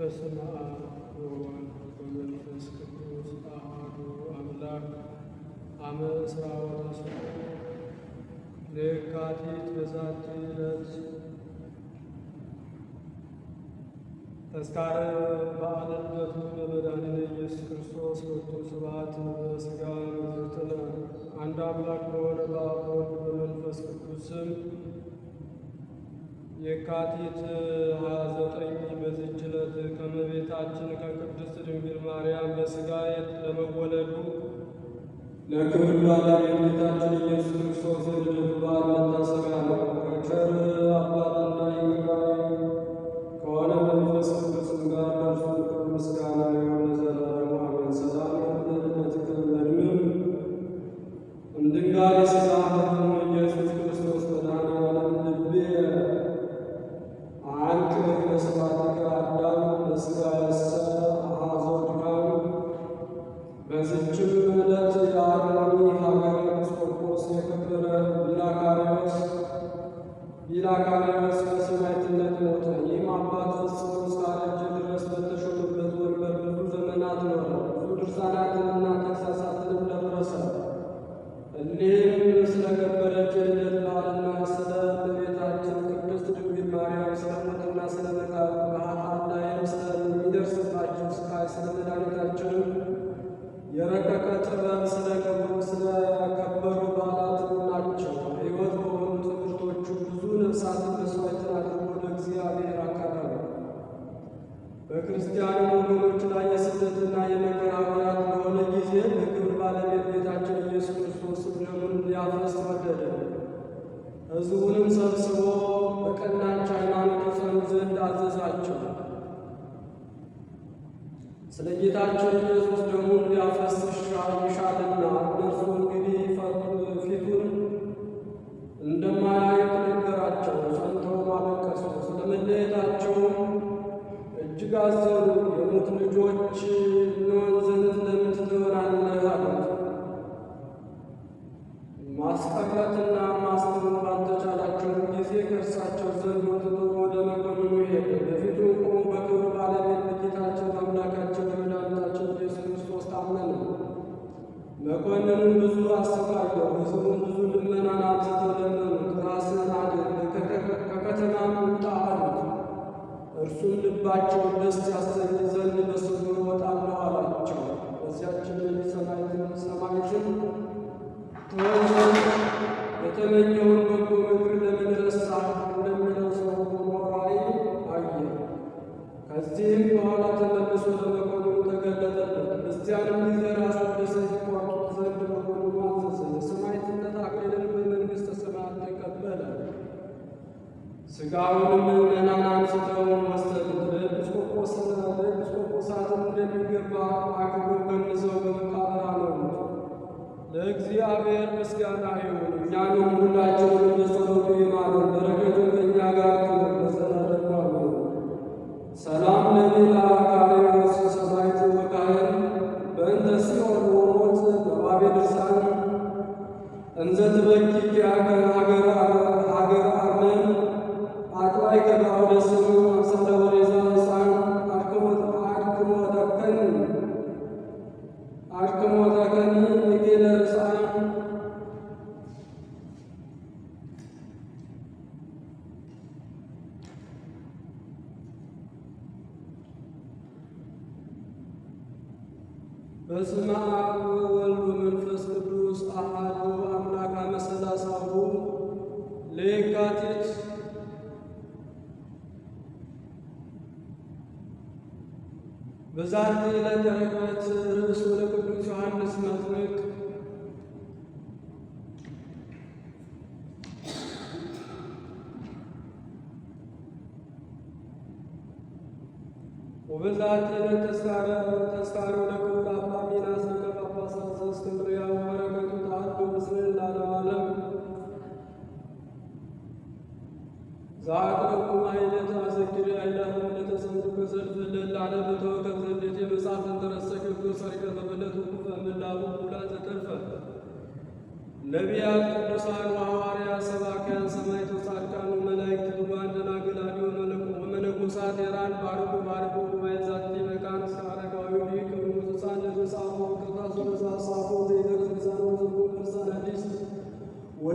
በስመ አብ ወወልድ ወመንፈስ ቅዱስ አሐዱ አምላክ። አመስራ ዕስራ ወዕስሩ ለየካቲት በዛቲ ዕለት ተስካረ በዓለ ልደቱ ለመድኃኒነ ኢየሱስ ክርስቶስ ወቱ ስብሐት በሥጋ ወዘተ አንድ አምላክ በሆነ በአብ በወልድ በመንፈስ ቅዱስ ስም የካቲት 29 በዚች ዕለት ከእመቤታችን ከቅድስት ድንግል ማርያም በስጋ ለመወለዱ ለክብር ባለቤት ጌታችን ኢየሱስ ክርስቶስ የልደቱ በዓል መታሰቢያ ነው። ከቸር አባትና ይግባኝ ከሆነ መንፈስ ቅዱስ ጋር ለእርሱ ምስጋና አካለ መስቀል ሰማዕትነት ሞተ። ይህም አባት ጽኑ እስካረጀ ድረስ በተሾመበት ወንበር ብዙ ዘመናት ኖረ። ብዙ ድርሳናትንና ተግሳጻትንም ደረሰ። በክርስቲያን ወገኖች ላይ የስደትና የመከራ ወራት በሆነ ጊዜ በክብር ባለቤት ጌታችን ኢየሱስ ክርስቶስ ደሙን ሊያፈስ ወደደ። ሕዝቡንም ሰብስቦ በቀናች ሃይማኖት ይጸኑ ዘንድ አዘዛቸው። ስለ ጌታችን ኢየሱስ ደሙን ሊያፈስ መኮንንም ብዙ አሰቃየው። ሕዝቡም ብዙ ልመናን አብዝተው ለመኑት። ራስህን አድን ከከተማም ውጣ አሉት። እርሱም ልባቸውን ደስ ያሰኝ ዘንድ በስውር እወጣለሁ አላቸው። በዚያችን ሰማይትን ተወ የተመኘውን በጎ ምክር ሥጋውንም ምዕመናን አንስተው ወሰዱት። ለኤጲስቆጶሳትም እንደሚገባ አክብረው ገንዘው በመቃብር ለእግዚአብሔር ምስጋና ይሁን። እኛንም ሁላችንን በጸሎቱ ይማረን፣ በረከቱም ከእኛ ጋር ትኑር ለዘላለሙ አሜን። ሰላም ለሌላ እንዘ ትበኪ ሀገር በስመ አብ ወወልድ ወመንፈስ ቅዱስ አሐዱ አምላክ አመ ሰላሳሁ ለየካቲት በዛቲ ዕለት ርዕሱ ወበዛቲ ተስካረ ለክቡር አባ ሚናስ ሊቀ ጳጳሳት ዘእስክንድርያ በረከቱ ተአሐዱ ምስለ ለዓለመ ዓለም ዘአቅረብኩ አይነት አዘኪር አይላፍ ለተሰንዱ በዘልፍ ለላለ በተወከብ ዘንዴት የመጽሐፍ እንተረሰ ገብቶ ሰርቀ ተመለቱ ኩፈ ምላቡ ሁላ ዘተርፈ ነቢያ